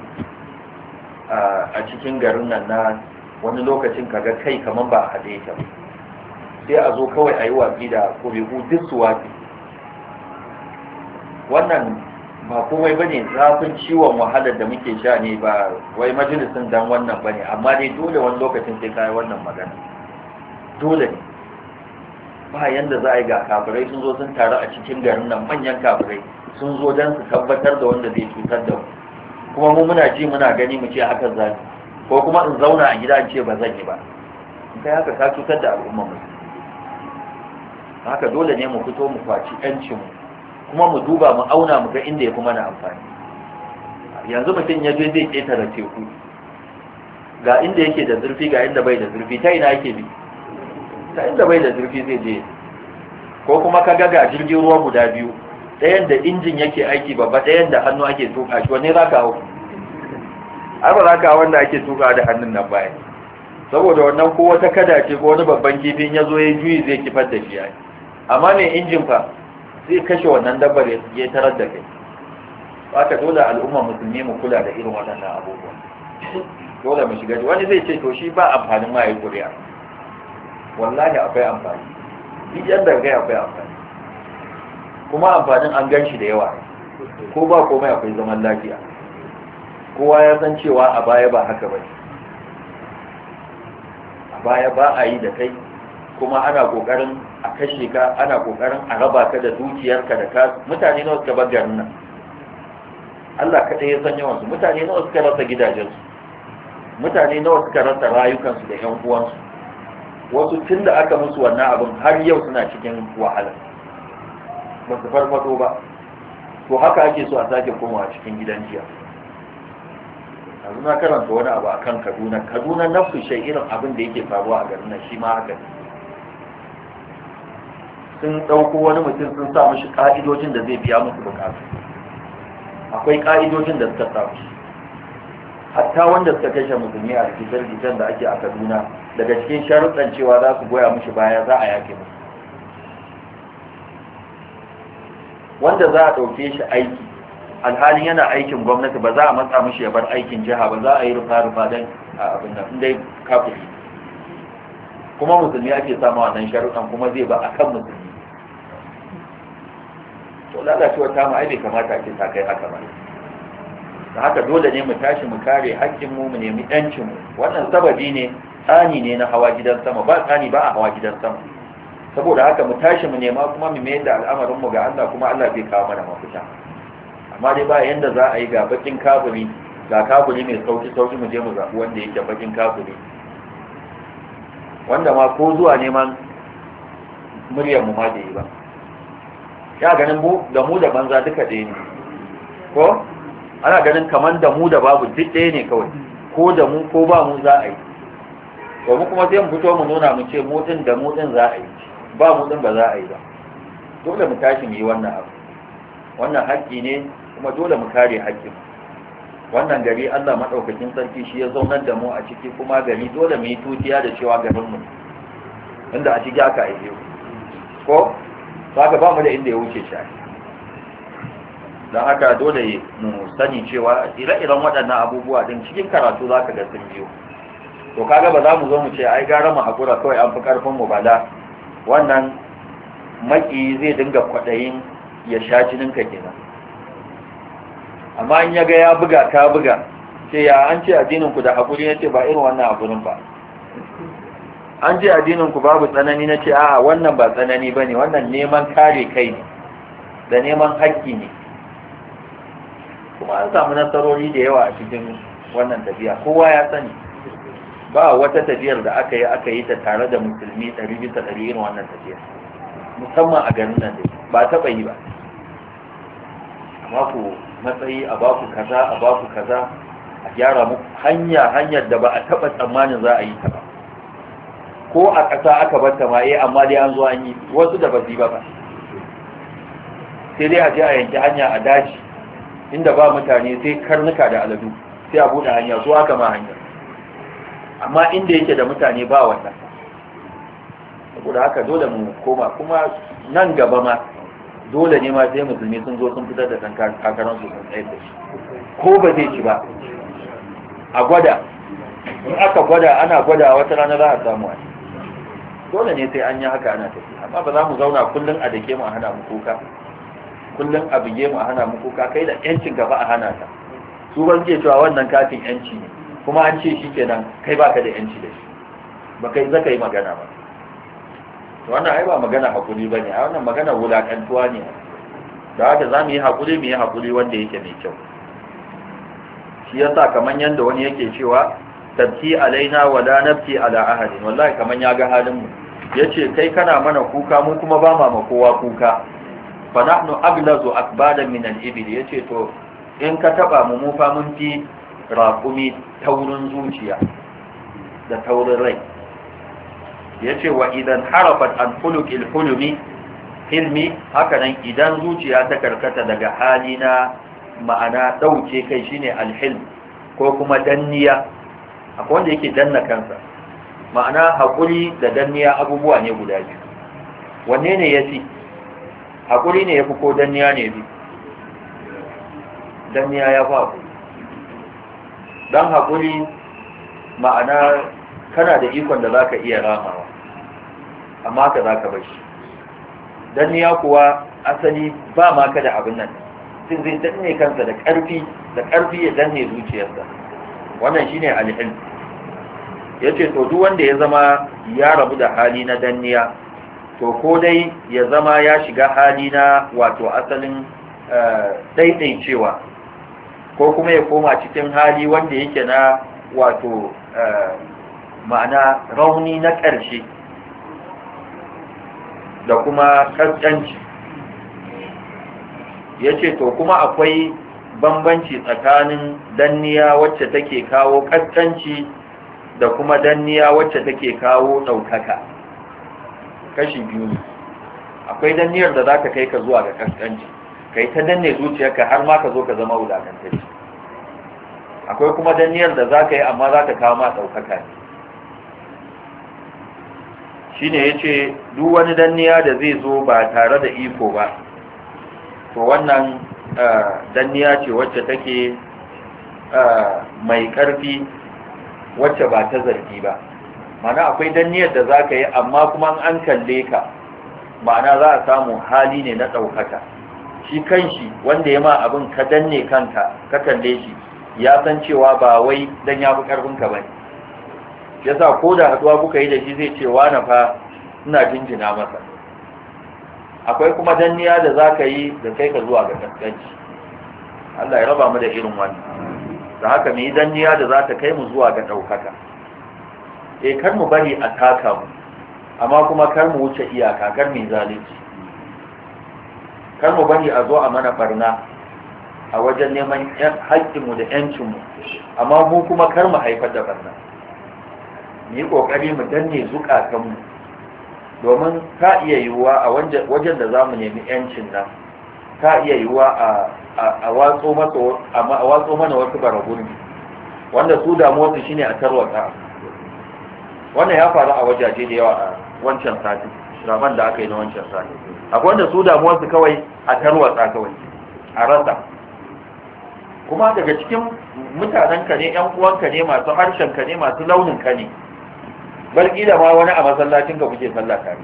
a cikin garin nan na wani lokacin kaga kai kamar ba a haɗe ta sai a zo kawai a yi watsi da ƙuri'u duk su watsi wannan ba komai bane zafin ciwon wahalar da muke sha ne ba wai majalisin dan wannan bane amma dai dole wani lokacin sai kai wannan magana dole ne ba yanda za a yi ga kafirai sun zo sun taru a cikin garin nan manyan kafirai sun zo don su tabbatar da wanda zai cutar da mu kuma mu muna ji muna gani mu ce haka za ko kuma in zauna a gida in ce ba zan yi ba in kai haka ka cutar da al'umma mu haka dole ne mu fito mu kwaci 'yancinmu kuma mu duba mu auna mu ga inda ya fi mana amfani yanzu mutum ya je zai ƙetare teku ga inda yake da zurfi ga inda bai da zurfi ta ina yake bi ta inda bai da zurfi zai je ko kuma ka ga ga jirgin ruwa guda biyu ɗayan da injin yake aiki babba ɗayan da hannu ake tuka shi wani za ka hau ai ba za ka wanda ake tuka da hannun nan baya saboda wannan ko wata kada ce ko wani babban kifin ya zo ya juyi zai kifar da shi ai amma me injin fa zai kashe wannan dabbar ya tarar da kai Ba ta dole al'umma musulmi mu kula da irin waɗannan abubuwa dole mu shiga wani zai ce to shi ba amfanin ma ya kuri'a wallahi akwai amfani duk yadda kai akwai amfani kuma amfanin an gan shi da yawa ko ba komai akwai zaman lafiya kowa ya san cewa a baya ba haka ba a baya ba a yi da kai kuma ana kokarin a kashe ka ana kokarin a raba ka da dukiyarka da ka mutane nawa suka bar garin nan Allah kaɗai ya san yawansu mutane nawa suka rasa gidajensu mutane nawa suka rasa rayukansu da ƴan uwansu wasu tun da aka musu wannan abin har yau suna cikin wahala ba su farfado ba to haka ake so a sake komawa cikin gidan jiya yanzu na karanta wani abu akan kaduna kaduna nafsu fushe irin abin da yake faruwa a garin nan shi ma haka ne sun ɗauko wani mutum sun sa mashi ƙa'idojin da zai biya musu bukatu akwai ƙa'idojin da suka sa shi hatta wanda suka kashe musulmi a rikitar rikicen da ake a kaduna daga cikin sharuɗan cewa za su goya mashi baya za a yaƙi musu wanda za a ɗauke shi aiki alhalin yana aikin gwamnati ba za a matsa mashi ya bar aikin jiha ba za a yi rufa-rufa don abin da dai kafin kuma musulmi ake samu wannan sharuɗan kuma zai ba a kan musulmi to lalacewa ta mu ai kamata ake ta kai haka ba da haka dole ne mu tashi mu kare hakkinmu mu mu nemi ƴancin wannan sababi ne tsani ne na hawa gidan sama ba tsani ba a hawa gidan sama saboda haka mu tashi mu nema kuma mu mayar da al'amarin mu ga Allah kuma Allah zai kawo mana mafita amma dai ba yanda za a yi ga bakin kaburi ga kafiri mai sauki sauki mu je mu zaɓi wanda yake bakin kaburi. wanda ma ko zuwa neman muryar mu ma da yi ba ya ganin bu? da mu da banza duka ɗaya ne ko ana ganin kamar da mu da babu duk ɗaya ne kawai ko da mu ko ba mu za a yi ko mu kuma sai mu fito mu nuna mu ce mu din da mu din za a yi ba mu din ba za a yi ba dole mu tashi mu yi wannan abu wannan haƙƙi ne kuma dole mu kare haƙƙin wannan gari Allah madaukakin sarki shi ya zaunar da mu a ciki kuma gari dole mu yi tutiya da cewa garin mu inda a ciki aka aike ko ba ba mu da inda ya wuce shi Dan haka dole mu sani cewa ire-iren waɗannan abubuwa din cikin karatu za ka ga sun biyo to kaga ba za mu zo mu ce ai gara mu hakura kawai an fi karfin mu bala wannan maki zai dinga kwaɗayin ya sha jininka kenan amma in ya ga ya buga ka buga sai ya an ce addinin ku da haƙuri ya ce ba irin wannan haƙurin ba an ji addinin ku babu tsanani na ce a'a wannan ba tsanani ba ne wannan neman kare kai ne da neman haƙƙi ne kuma an samu nasarori da yawa a cikin wannan tafiya kowa ya sani ba wata tafiyar da aka yi aka yi ta tare da musulmi ɗari bisa ɗari irin wannan tafiya musamman a garin nan ba taɓa yi ba A baku matsayi a baku kaza a baku kaza a gyara muku hanya hanyar da ba a taɓa tsammanin za a yi ta ba ko a ƙasa aka banta ma eh amma dai an zo an yi wasu da ba su yi ba ba sai dai a je a yanki hanya a daji inda ba mutane sai karnuka da aladu sai a buɗe hanya su aka ma hanya amma inda yake da mutane ba wannan saboda haka dole mu koma kuma nan gaba ma dole ne ma sai musulmi sun zo sun fitar da kan kakarar su sun tsaye da shi ko ba zai ci ba a gwada in aka gwada ana gwada wata rana za a samu wani dole ne sai an yi haka ana tafi amma ba za mu zauna kullum a dake mu a hana mu kuka kullum a bige mu a hana mu kuka kai da yancin gaba a hana ta su ban ke cewa wannan katin yanci ne kuma an ce shi kenan kai baka da yanci da shi ba kai za ka yi magana ba to wannan ai ba magana hakuri ba ne a wannan magana wulaƙantuwa ne da haka za mu yi hakuri mu yi hakuri wanda yake mai kyau shi yasa kamar yadda wani yake cewa tabki alaina wala nafsi ala ahadin wallahi kaman ya ga halin mu yace kai kana mana kuka mu kuma ba ma kowa kuka fa nahnu aglazu akbada min al-ibil yace to in ka taba mu mu fa mun fi raqumi taurin zuciya da taurin rai yace wa idan harafat an khuluqil hulumi hilmi haka nan idan zuciya ta karkata daga hali na ma'ana dauke kai shine al-hilm ko kuma danniya akwai wanda yake danna kansa ma'ana haƙuri da danniya abubuwa ne guda biyu wanne ne ya fi haƙuri ne ya fi ko danniya ne bi danniya ya fi haƙuri don haƙuri ma'ana kana da ikon da za ka iya ramawa amma ka za ka bar shi danniya kuwa asali ba ma ka da abin nan sun zai danne kansa da ƙarfi da ƙarfi ya danne zuciyarsa wannan shine alhilm yace ce to duk wanda ya zama ya rabu da hali na danniya to ko dai ya zama ya shiga hali na wato asalin ɗaiɗaicewa eh, ko kuma ya koma cikin hali wanda yake na wato eh, ma'ana rauni na ƙarshe da kuma ƙasƙanci ya to kuma akwai bambanci tsakanin danniya wacce take kawo ƙasƙanci da kuma danniya wacce take kawo ɗaukaka kashi biyu ne akwai danniyar da za ka kai ka zuwa ga kaskanci ka yi ta danne zuciyarka har ma ka zo ka zama wulakantacci akwai kuma danniyar da za ka yi amma za ka kawo ma ɗaukaka ne shi ne ya ce duk wani danniya da zai zo ba tare da iko ba to wannan eh, danniya ce wacce take eh, mai ƙarfi wacce ba ta zargi ba mana akwai danniyar da za ka yi amma kuma an kalle ka ma'ana za a samu hali ne na ɗaukaka shi kanshi wanda ya ma abin ka danne kanka ka kalle shi ya san cewa ba wai dan ya fi ƙarfinka ba ne yasa ko da haɗuwa kuka yi da shi zai ce na fa ina jinjina masa akwai kuma danniya da za ka yi da kai ka zuwa ga kaskanci Allah ya raba mu da irin wannan da haka mai danniya da za ta kai mu zuwa ga ɗaukaka eh kar mu bari a taka mu amma kuma kar mu wuce iyaka kar mu zalunci kar mu bari a zo a mana barna a wajen neman haƙƙinmu da ‘yancinmu amma mu kuma kar mu haifar da barna mu yi ƙoƙari mu danne zuƙatanmu domin ta iya yiwuwa a wajen da za mu nemi ‘yancin nan ta iya yiwuwa a a watso mana wasu baraguni wanda su damuwarsu shine a tarwata wannan ya faru a wajaje da yawa a wancan sati raban da aka yi na wancan sati akwai wanda su damuwarsu kawai a tarwata kawai a rasa kuma daga cikin mutanenka ne yan uwanka ne masu harshenka ne masu launinka ne balƙila ma wani a masallacinka kuke sallah tare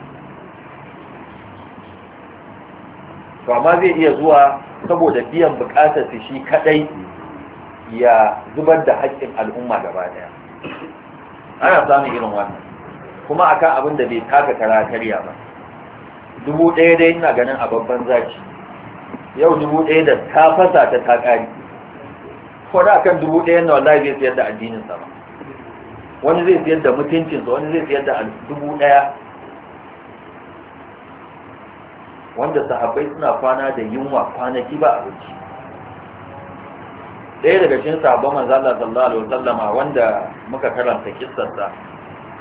to amma zai iya zuwa saboda biyan bukatar shi kadai ya zubar da haƙƙin al'umma gaba daya ana samun irin wannan kuma akan abin da bai taka kara karya ba dubu ɗaya dai ina ganin a babban zaki yau dubu ɗaya da ta fasa ta ta ƙari ko da akan dubu ɗaya na wallahi zai siyar da addinin sa ba wani zai siyar da mutuncinsa wani zai siyar da dubu ɗaya wanda sahabbai suna kwana da yunwa kwanaki ba abinci ɗaya daga cikin sahabban Manzala Allah sallallahu alaihi wasallama wanda muka karanta kissarsa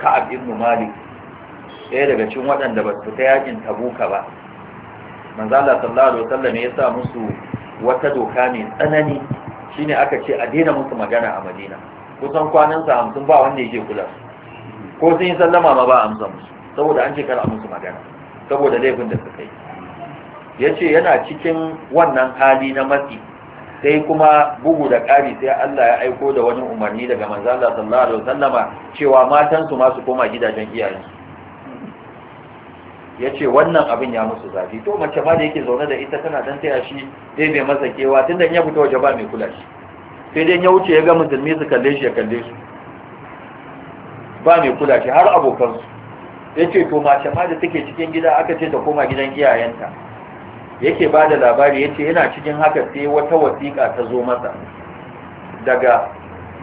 Ka'ab ibn Malik ɗaya daga cikin waɗanda ba su fita yakin Tabuka ba Manzala Allah sallallahu alaihi wasallama ya sa musu wata doka mai tsanani shine aka ce a daina musu magana a Madina kusan kwanan sa 50 ba wanda yake kula ko sun yi sallama ma ba amsa musu saboda an ce kar a musu magana saboda laifin da suka yi ya ce yana cikin wannan hali na matsi sai kuma bugu da ƙari sai Allah ya aiko da wani umarni daga manzo Allah sallallahu alaihi wasallama cewa matan su ma su koma gidajen iyayensu ya ce wannan abin ya musu zafi to mace ma da yake zaune da ita tana dan taya shi dai bai masa kewa tun da ya fita waje ba mai kula shi sai dai ya wuce ya ga musulmi su kalle shi ya kalle su ba mai kula shi har abokansu ya ce to mace ma da take cikin gida aka ce ta koma gidan iyayenta yake ba da labari yace yana cikin haka sai wata wasiƙa ta zo masa daga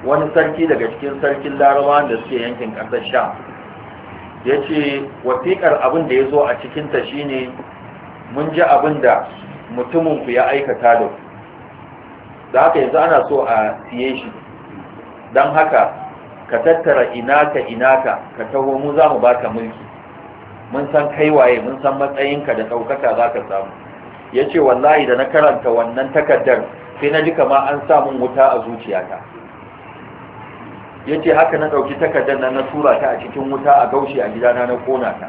wani sarki daga cikin sarkin larabawa da suke yankin ƙasar sha ya ce wasiƙar abin da ya zo a cikinta shi ne mun ji abin da mutuminku ya aikata da da haka yanzu ana so a siye shi don haka ka tattara inaka inaka ka taho mu za mu baka mulki mun san kaiwaye mun san matsayinka da ɗaukaka za ka samu ya ce wallahi da na karanta wannan takardar sai na ji kama an samun wuta a zuciyata ya ce haka na ɗauki takardar nan na tura ta a cikin wuta a gaushe a gidana na kona ta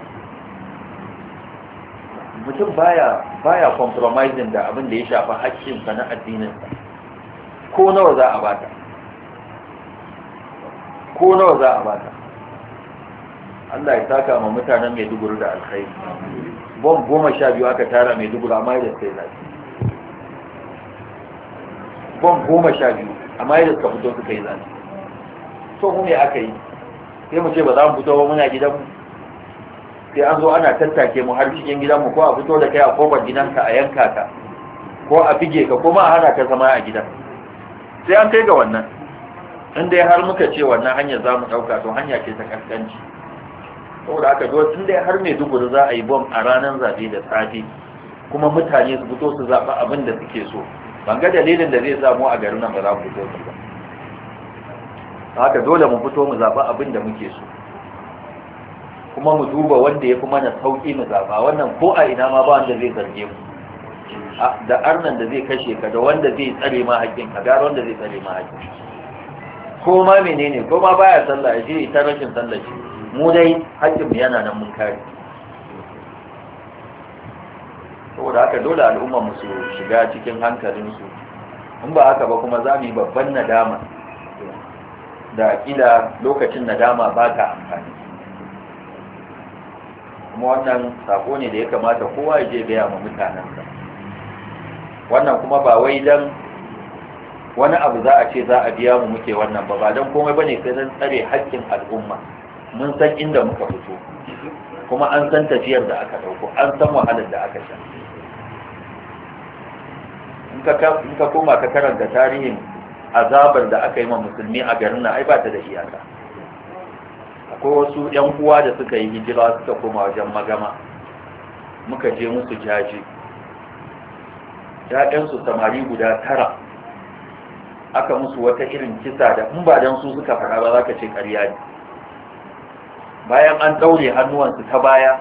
mutum baya compromising da abin da ya hakkin haƙƙinsa na addininsa ko nawa za a bata ko nawa za a bata Allah ya saka ma mutanen mai dubur da alkhairi bom goma sha biyu aka tara mai dubula amma yadda sai na bom goma sha biyu amma yadda suka fito suka yi zafi. so mu ne aka yi sai mu ce ba za mu fito ba muna gidanmu sai an zo ana tattake mu har cikin gidanmu ko a fito da kai a kofar gidanka a yanka ka ko a fige ka ko ma a hana ka zama a gidan sai an kai ga wannan inda har muka ce wannan hanyar za mu ɗauka to hanya ce ta ƙasƙanci saboda aka duk tun dai har mai duburu za a yi bom a ranar zafi da safe kuma mutane su fito su zaɓa abin da suke so ban ga dalilin da zai samu a garin nan ba za mu fito su ba haka dole mu fito mu zaɓa abin da muke so kuma mu duba wanda ya fi mana sauƙi mu zaɓa wannan ko a ina ma ba wanda zai zarge mu da arnan da zai kashe ka da wanda zai tsare ma hakkin ka gara wanda zai tsare ma hakkin ko ma menene ko ma baya sallah ya je ta rashin sallah shi mu dai mu yana nan mun kare saboda haka dole al'umma su shiga cikin hankalinsu in ba haka ba kuma za mu yi babban nadama da kila lokacin nadama ba ta amfani kuma wannan sako ne da ya kamata kowa ya je gaya ma mutanensa wannan kuma ba wai don wani abu za a ce za a biya mu muke wannan ba ba dan komai ba ne sai don tsare haƙƙin al'umma mun san inda muka fito kuma an san tafiyar da aka dauko an san wahalar da aka sha in ka koma ka karanta tarihin azabar da aka yi ma musulmi a garin na ai ba ta da iyaka akwai wasu yan uwa da suka yi hijira suka koma wajen magama muka je musu jaji ‘ya'yansu samari guda tara aka musu wata irin kisa da in ba don su suka fara ba za ka ce karya ne bayan an daure hannuwansu ta baya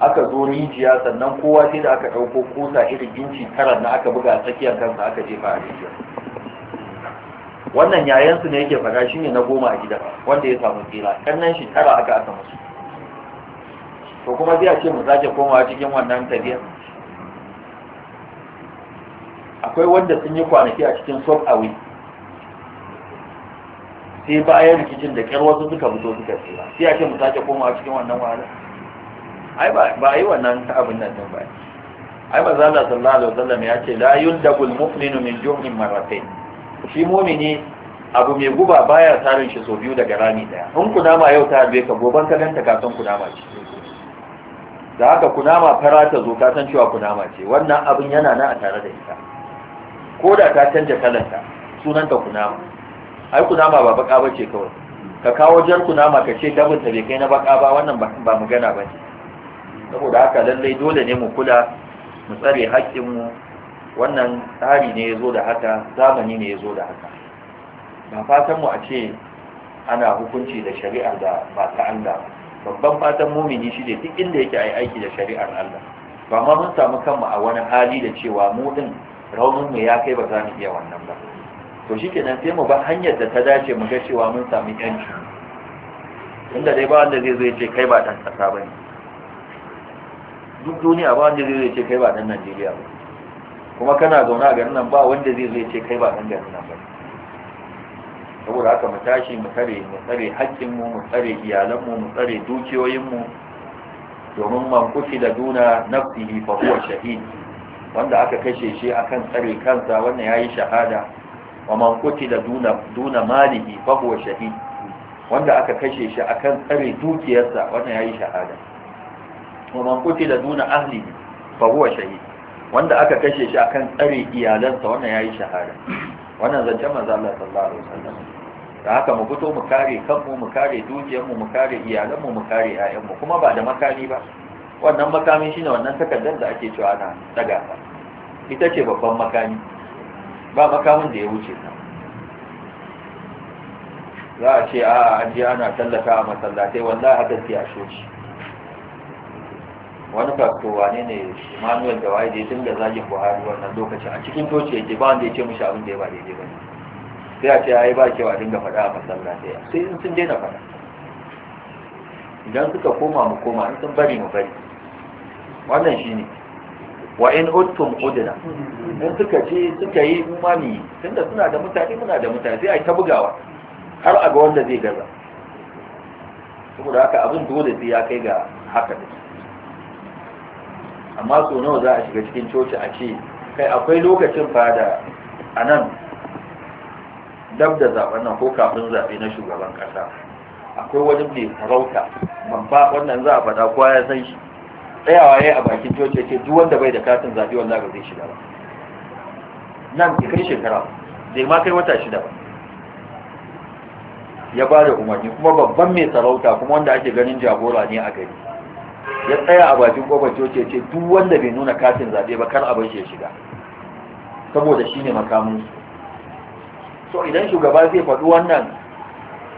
aka zo rijiya sannan kowa sai da aka ɗauko kusa irin inci taran na aka buga a tsakiyar kansa aka jefa a rijiya wannan yayansu ne yake faɗa shi ne na goma a gida wanda ya samu tsira ƙannan shi tara aka aka musu to kuma zai a ce mu zake komawa cikin wannan tafiya akwai wanda sun yi kwanaki a cikin sob away. sai bayan rikicin da kyar wasu suka fito suka tsira sai a ce mu sake komawa cikin wannan wahala ai ba a yi wannan abin nan din ba ai maza Allah sallallahu alaihi wasallam ya ce la yundagul mu'minu min juhrin marratayn shi mu'mini abu mai guba baya tarin shi so biyu daga rami daya in kunama yau ta harbe ka goban ka ganta ka san kunama ce da haka kunama fara ta zo ka san cewa kunama ce wannan abin yana nan a tare da ita ko da ta canja kalanta sunanta kunama ai kunama ba baka ce kawai ka kawo jar kunama ka ce dabin ta bai kai na baka ba wannan ba magana ba ce saboda haka lallai dole ne mu kula mu tsare haƙƙinmu wannan tsari ne ya zo da haka zamani ne ya zo da haka ba fatan mu a ce ana hukunci da shari'ar da ba ta Allah babban fatan mumini shi ne duk inda yake ai aiki da shari'ar Allah ba ma mun samu kanmu a wani hali da cewa mu din raunin mu ya kai ba za mu iya wannan ba to shi kenan sai mu ba hanyar da ta dace mu ga cewa mun sami yanci inda dai ba wanda zai zo ya ce kai ba ɗan ƙasa ba ne duk duniya ba wanda zai zo ya ce kai ba ɗan najeriya ba kuma kana zaune a garin nan ba wanda zai zo ya ce kai ba ɗan garin nan ba saboda haka mu tashi mu tsare mu tsare haƙƙinmu mu tsare iyalanmu mu tsare dukiyoyinmu domin man kufi da duna nafsihi fa huwa shahid wanda aka kashe shi akan tsare kansa wannan yayi shahada wa man qutila duna duna malihi fa huwa shahid wanda aka kashe shi akan tsare dukiyarsa wannan yayi shahada wa man qutila duna ahlihi fa huwa shahid wanda aka kashe shi akan tsare iyalansa wannan yayi shahada wannan zance manzo Allah sallallahu alaihi wasallam da haka mu fito mu kare kanmu mu kare dukiyarmu mu kare iyalanmu mu kare ƴaƴanmu kuma ba da makami ba wannan makami shine wannan takardar da ake cewa ana daga ita ce babban makami ba makamin da ya wuce ta za a ce a an ana tallaka a masallatai wanda haka ke a shoci wani faktowa ne ne emmanuel da waye da ya dinga zagin buhari wannan lokacin a cikin toci yake ba wanda ya ce mushi abin da ya ba daidai ba ne sai a ce ya yi ba wajen dinga faɗa a masallatai sai in sun daina faɗa idan suka koma mu koma in sun bari mu bari wannan shi ne wa in uttum udna in suka ce suka yi imani tunda suna da mutane muna da mutane sai ai ta bugawa har a ga wanda zai gaza saboda haka abin dole sai ya kai ga haka da amma so nawa za a shiga cikin coci a ce kai akwai lokacin fada a nan dab da zaben nan ko kafin zaɓe na shugaban ƙasa akwai wani mai farauta babba wannan za a fada kowa ya san shi tsayawa ya yi a bakin coci ya ce duk wanda bai da katin zaɓe wanda ba zai shiga ba nan ya kai shekara zai ma kai wata shida ba ya ba da umarni kuma babban mai sarauta kuma wanda ake ganin jagora ne a gari ya tsaya a bakin kofar coci ya ce duk wanda bai nuna katin zaɓe ba kar a bar shi ya shiga saboda shi ne makamin so idan shugaba zai faɗi wannan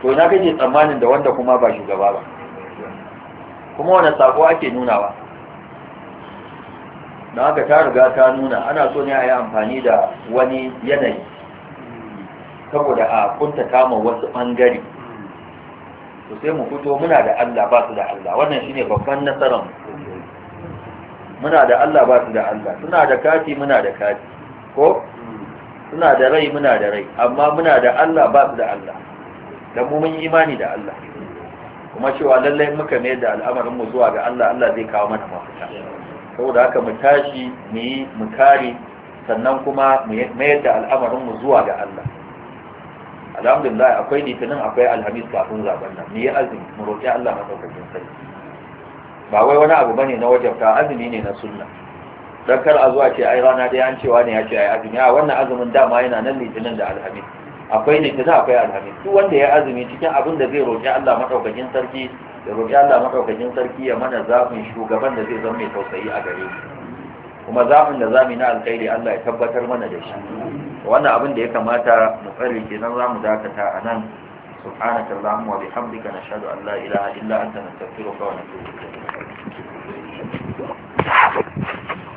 to na kake tsammanin da wanda kuma ba shugaba ba kuma wani sako ake nunawa na haka ta riga ta nuna ana so ne a yi amfani da wani yanayi saboda a kunta kama wasu ɓangare to sai mu fito muna da Allah ba su da Allah wannan shine babban nasararmu. muna da Allah ba su da Allah suna da kati muna da kati ko suna da rai muna da rai amma muna da Allah ba su da Allah dan mu mun imani da Allah kuma cewa lallai muka mai da al'amarin mu zuwa ga Allah Allah zai kawo mana mafita saboda haka mu tashi mu yi mu kare sannan kuma mu mayar da al'amarinmu zuwa ga Allah alhamdulillah akwai litinin akwai alhamis kafin zaben nan mu yi azumi mu roƙi Allah madaukakin sai ba wai wani abu bane na wajabta azumi ne na sunna dan kar a zuwa ce ai rana dai an cewa ne ya ce ai azumi a wannan azumin dama yana nan litinin da alhamis akwai litinin akwai alhamis duk wanda ya azumi cikin abin da zai roƙi Allah madaukakin sarki da roƙi Allah madaukakin sarki ya mana zafin shugaban da zai zama mai tausayi a gare mu kuma zafin da zamu na alkhairi Allah ya tabbatar mana da shi wannan abin da ya kamata mu tsare kenan zamu dakata a nan سبحانك اللهم وبحمدك allah أن allah إله إلا أنت نستغفرك ونتوب إليك